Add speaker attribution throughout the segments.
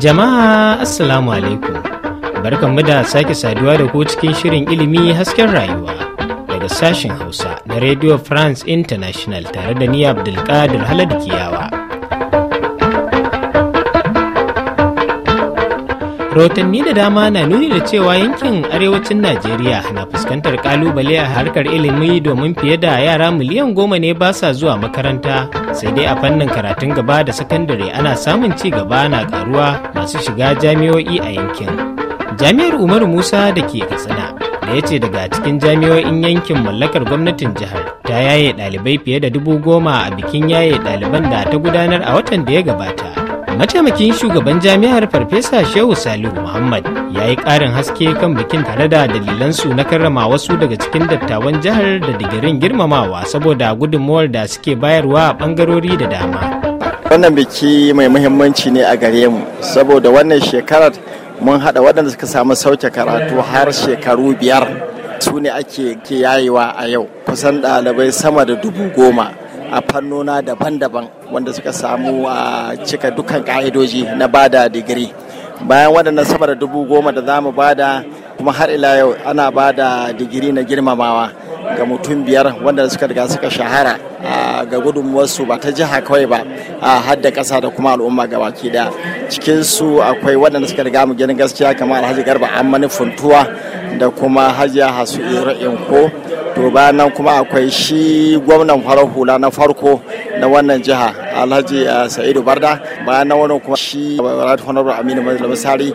Speaker 1: Jama'a Assalamu alaikum. Barkanmu da sake saduwa da ku cikin shirin ilimi hasken rayuwa daga sashen Hausa na Radio France International tare da ni Abdulkadir Halad Kiyawa. rahotanni da dama na nuni da cewa yankin arewacin najeriya na fuskantar kalubale a harkar ilimi domin fiye da yara miliyan goma ne ba sa zuwa makaranta sai dai a fannin karatun gaba da sakandare ana samun ci gaba na karuwa masu shiga jami'o'i a yankin jami'ar umaru musa da ke katsina da ya ce daga cikin jami'o'in yankin mallakar gwamnatin jihar ta yaye ɗalibai fiye da dubu goma a bikin yaye ɗaliban da ta gudanar a watan da ya gabata mataimakin shugaban jami'ar farfesa shehu salihu muhammad ya yi karin haske kan bikin tare da dalilansu na karrama wasu daga cikin dattawan jihar da digirin girmamawa saboda gudunmuwar da suke bayarwa a ɓangarori da dama
Speaker 2: wannan biki mai muhimmanci ne a gare mu saboda wannan shekarar mun haɗa waɗanda suka samu sauke karatu har shekaru biyar su ne ake yayewa a yau kusan ɗalibai sama da dubu goma a fannona daban-daban wanda suka samu a cika dukkan ka'idoji na bada digiri bayan waɗannan sama da dubu goma da za mu bada kuma har ila yau ana bada digiri na girmamawa ga mutum biyar wanda suka riga suka shahara ga wasu ba ta jiha kawai ba a hadda ƙasa da kuma al'umma ga baki daya cikinsu akwai waɗanda suka riga mu gidan gaskiya kamar alhaji garba an manufin da kuma hajiya hasu ko to bayan nan kuma akwai shi gwamnan farar hula na farko na wannan jiha alhaji eh, sa'idu barda bayan nan wani kuma shi eh, honorable aminu masari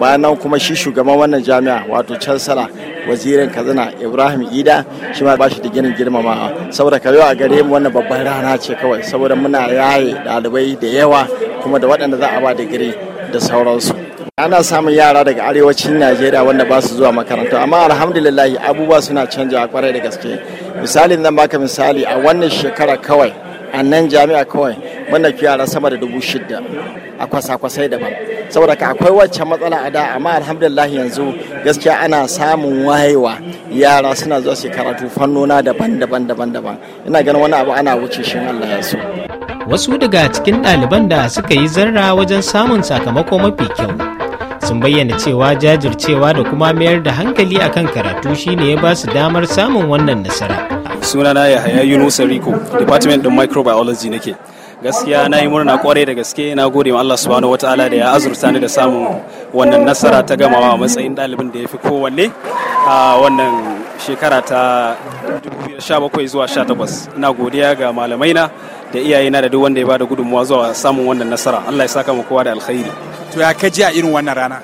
Speaker 2: bayan nan kuma shi shugaban wannan jami'a wato cansala wazirin kazana ibrahim ida shi ma ba shi da ginin girmamawa saboda kayo a gare mu wannan babban rana ce kawai saboda muna yaye ɗalibai da yawa kuma da waɗanda za a ba digiri da sauransu ana samun yara daga arewacin najeriya wanda ba su zuwa makaranta amma alhamdulillah abubuwa suna canja kwarai da gaske misali zan baka misali a wannan shekara kawai a nan jami'a kawai muna yara sama da dubu shida a kwasa-kwasai daban saboda ka akwai waccan matsala a da amma alhamdulillah yanzu gaskiya ana samun wayewa yara suna zuwa su karatu fannona daban-daban daban-daban ina ganin wani abu ana wuce shi Allah ya so
Speaker 1: wasu daga cikin ɗaliban da suka yi zarra wajen samun sakamako mafi kyau sun bayyana cewa jajircewa da kuma mayar da hankali akan karatu shine ya ba su damar samun wannan nasara.
Speaker 3: sunana ya haya yunusa riko department din microbiology nake gaskiya na yi murna kwarai da gaske na gode ma Allah subhanahu wataala da ya azurta ni da samun wannan nasara ta gamawa a matsayin ɗalibin da ya fi kowanne a wannan shekara ta 2017 zuwa 18 na godiya ga malamaina da iyayena da duk wanda ya bada gudunmuwa zuwa samun wannan nasara Allah ya saka mu kowa da alkhairi to ya kaji a irin wannan rana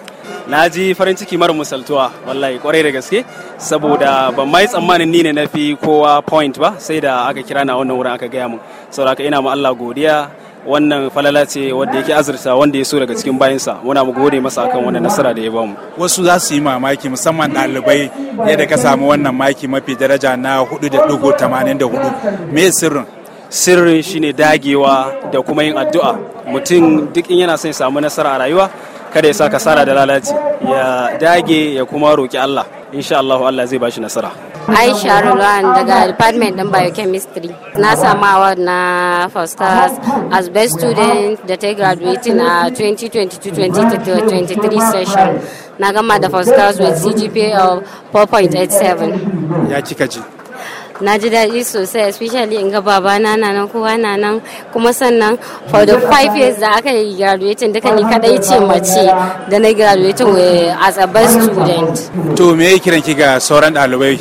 Speaker 3: na ji farin ciki mara misaltuwa wallahi kwarai da gaske saboda ban mai tsammanin ni ne na fi kowa point ba sai da aka kira na wannan wurin aka gaya mu saboda ina ma Allah godiya wannan falala ce wanda yake azurta wanda ya so daga cikin bayansa muna mu gode masa akan wannan nasara da ya mu wasu za su yi mamaki musamman ɗalibai yadda ka samu wannan maki mafi daraja na 4.84 me sirrin sirrin shine dagewa da kuma yin addu'a mutum duk in yana son ya samu nasara a rayuwa kada ya sa kasara da lalaci ya dage ya kuma roki Allah insha Allah Allah zai bashi nasara
Speaker 4: Aisha Rulwan daga Department ɗin Biochemistry. Na samu award na for as best student da ta graduating a 2022-2023 session. Na gama da for with CGPA of 4.87. Ya kika ji? na ji daɗi sosai especially in ga baba na nan kowa na nan kuma sannan for the five years da aka yi graduation duka ni kadai ce mace da na graduating as a best student
Speaker 3: to me yake kiran ki ga sauran ɗalibai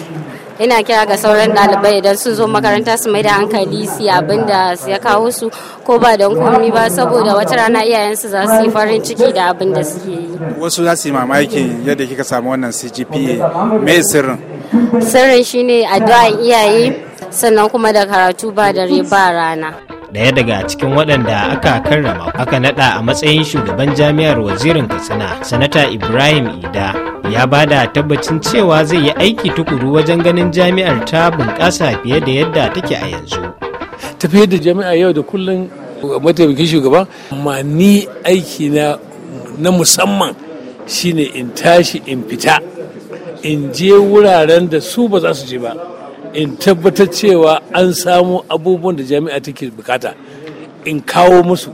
Speaker 4: ina kira ga sauran ɗalibai idan sun zo makaranta su mai da hankali su abin da ya kawo su ko ba don komi ba saboda wata rana iyayensu za su yi farin ciki da abin da suke yi
Speaker 3: wasu za su yi mamakin yadda kika samu wannan cgpa
Speaker 1: mai sirrin
Speaker 4: sirrin shine addu'ar iyaye sannan kuma da karatu ba dare ba rana
Speaker 1: daya daga cikin waɗanda aka karrama aka naɗa a matsayin shugaban jami'ar wazirin katsina sanata ibrahim ida ya ba da tabbacin cewa zai yi aiki tukuru wajen ganin jami'ar ta bunƙasa fiye da yadda take a
Speaker 5: yanzu tafiyar da jami'a yau da kullum mataimakin shugaban? amma ni aiki na musamman shine in tashi in fita in je wuraren da su ba za su je ba in tabbatar cewa an samu abubuwan da jami'a take bukata in kawo musu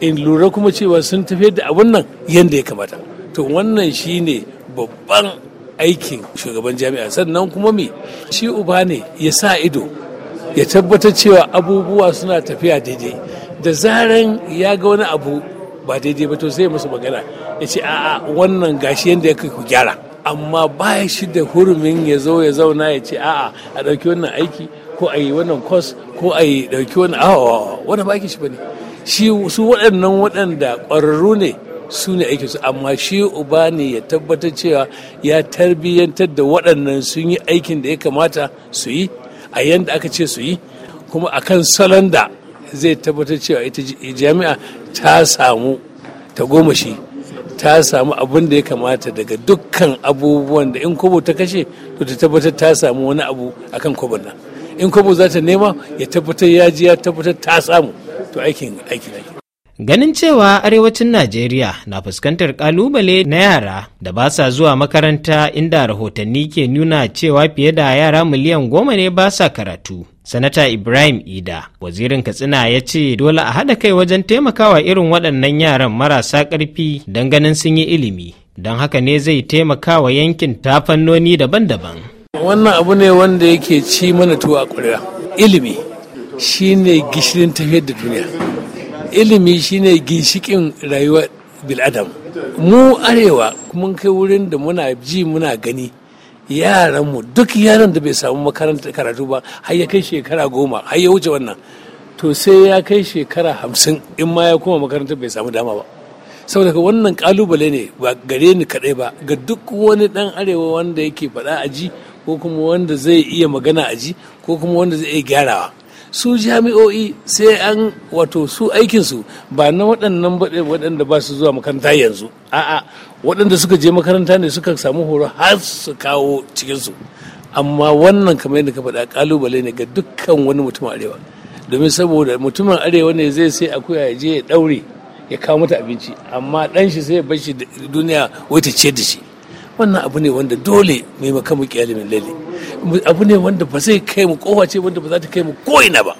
Speaker 5: in lura kuma cewa sun tafiyar da abun nan yadda ya kamata to wannan shine babban aikin shugaban jami'a sannan kuma me shi uba ne ya sa ido ya tabbatar cewa abubuwa suna tafiya daidai da zaran ya ga wani abu ba daidai ba to sai musu magana ya ce a'a wannan gashi yadda ya kai ku gyara amma ba shi da hurumin ya zo ya zauna ya ce a'a a ɗauki wannan aiki ko a yi wannan kwas ko a yi ɗauki wannan awa wani ba shi ba ne shi su waɗannan waɗanda ƙwararru ne su ne aiki su amma shi uba ne ya tabbatar cewa ya tarbiyyantar da waɗannan sun yi aikin da ya kamata su yi a yanda aka ce su yi kuma akan salon da zai tabbatar cewa ita jami'a ta samu ta goma shi ta samu abin da ya kamata daga dukkan abubuwan da in kobo ta kashe to ta tabbatar ta samu wani abu akan kobo nan in kobo za ta nema ya tabbatar ya ji ya tabbatar ta samu to aikin aiki ne ganin cewa
Speaker 1: arewacin najeriya na fuskantar kalubale na yara da ba sa zuwa makaranta inda rahotanni ke nuna cewa fiye da yara miliyan goma ne ba sa karatu sanata ibrahim ida wazirin katsina ya ce dole a haɗa kai wajen taimakawa irin waɗannan yaran marasa ƙarfi don ganin sun yi ilimi don haka ne zai taimakawa yankin ta fannoni daban-daban
Speaker 5: wannan abu ne wanda yake ci mana tuwa ƙwarya ilimi shine gishirin tafiyar da duniya ilimi shine ginshikin rayuwar bil'adam mu arewa mun kai wurin da muna ji muna gani yaranmu duk yaran da bai samu makaranta karatu ba har ya kai shekara goma har ya wuce wannan to sai ya kai shekara hamsin in ma ya koma makaranta bai samu dama ba saboda ka wannan kalubale ne ba gare ni kadai ba ga duk wani dan arewa wanda yake faɗa aji ji ko kuma wanda zai iya magana aji ko kuma wanda zai iya gyarawa su jami'o'i sai an wato su aikinsu ba na waɗannan waɗanda ba su zuwa makaranta yanzu a'a waɗanda suka je makaranta ne suka samu horo har su kawo cikinsu amma wannan kamar yadda ka faɗa ƙalubale ne ga dukkan wani mutumin arewa domin saboda mutumin arewa ne zai sai akuya ya je ya ɗaure ya kawo mata abinci amma ɗan shi sai ya bar shi duniya wai ta ce da shi wannan abu ne wanda dole mai makamu ƙyalimin lalle abu ne wanda ba zai kai mu kowa ce wanda ba za ta kai mu ko'ina ba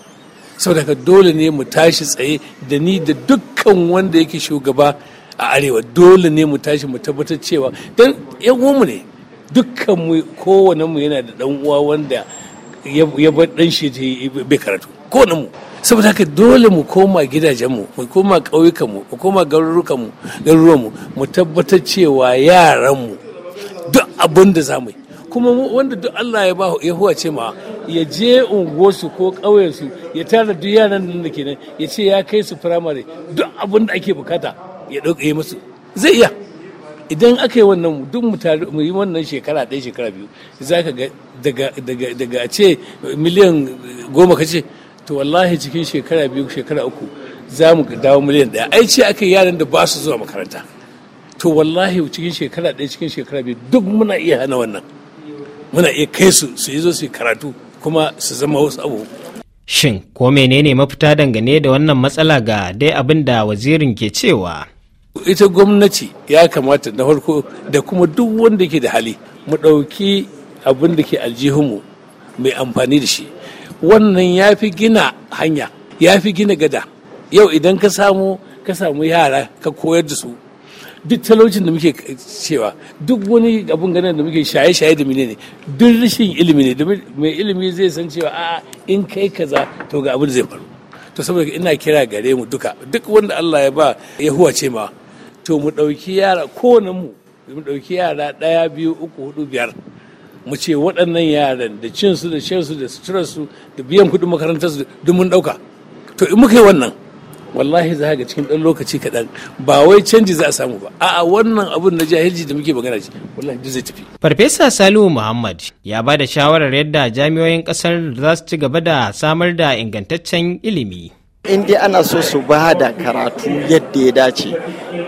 Speaker 5: saboda haka dole ne mu tashi tsaye da ni da dukkan wanda yake shugaba a arewa dole ne mu tashi mu tabbatar cewa don yan uwanmu ne dukkan mu kowane mu yana da dan uwa wanda ya bar dan shi bai karatu kowane mu saboda haka dole mu koma gidajen mu koma ƙauyukan mu koma mu garuruwan mu mu tabbatar cewa yaran mu duk abin da zamu yi kuma wanda duk Allah ya ba ya ce ma ya je unguwarsu ko ƙauyensu ya tara duk yaran nan da kenan ya ce ya kai su firamare duk abin da ake bukata ya ɗauka yi musu zai iya idan aka yi wannan duk mu yi wannan shekara ɗaya shekara biyu za ka ga daga ce miliyan goma ka ce to wallahi cikin shekara biyu shekara uku za mu dawo miliyan ɗaya ai ce aka yi yaran da ba su zuwa makaranta to wallahi cikin shekara ɗaya cikin shekara biyu duk muna iya hana wannan muna iya kai su su yi zo su karatu kuma su zama wasu abu
Speaker 1: shin ko menene mafita dangane da wannan matsala ga dai abin da wazirin ke cewa
Speaker 5: ita gwamnati ya kamata na farko da kuma duk wanda ke da hali mu ɗauki abin da ke aljihunmu mai amfani da shi wannan ya fi gina hanya ya fi gina gada yau idan ka samu ka samu yara ka koyar da su duk talaucin da muke cewa duk wani abun ganin da muke shaye-shaye da ne duk rashin ilimi ne mai ilimi zai san cewa a in kai kaza to ga abin zai faru to saboda ina kira gare mu duka duk wanda Allah ya ba ya huwace ma to mu ɗauki yara kowane mu mu dauki yara ɗaya biyu uku hudu biyar mu ce waɗannan yaran da cinsu da shansu da suturarsu da biyan kuɗin makarantarsu duk mun ɗauka to in muka yi wannan wallahi za ga cikin ɗan lokaci kaɗan ba wai canji za a samu ba a'a wannan abun na jahilci da muke magana ce wallahi duk zai tafi. farfesa salihu muhammad
Speaker 1: ya ba da shawarar yadda jami'oyin ƙasar za su ci gaba da samar da ingantaccen ilimi.
Speaker 2: in dai ana so su ba da karatu yadda ya dace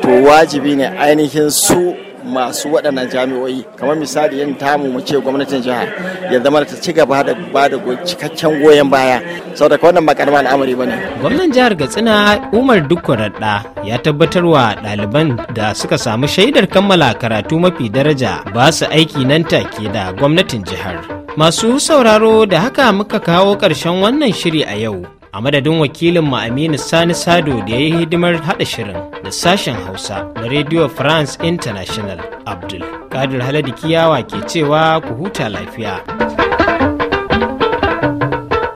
Speaker 2: to wajibi ne ainihin su masu waɗannan jami'oi kamar misali yin tamu mu ce gwamnatin jiha ya zama ta ci gaba da ba da cikakken goyon baya saboda wannan ba karamar al'amari ba ne.
Speaker 1: gwamnan jihar katsina umar dukko raɗa ya tabbatar wa ɗaliban da suka samu shaidar kammala karatu mafi daraja ba su aiki nan take da gwamnatin jihar. Masu sauraro da haka muka kawo ƙarshen wannan shiri a yau a madadin wakilin mu Aminu Sani Sado da ya yi hidimar haɗa shirin da sashen Hausa na Radio France International Abdul Kadir Haladi Kiyawa ke cewa ku huta lafiya.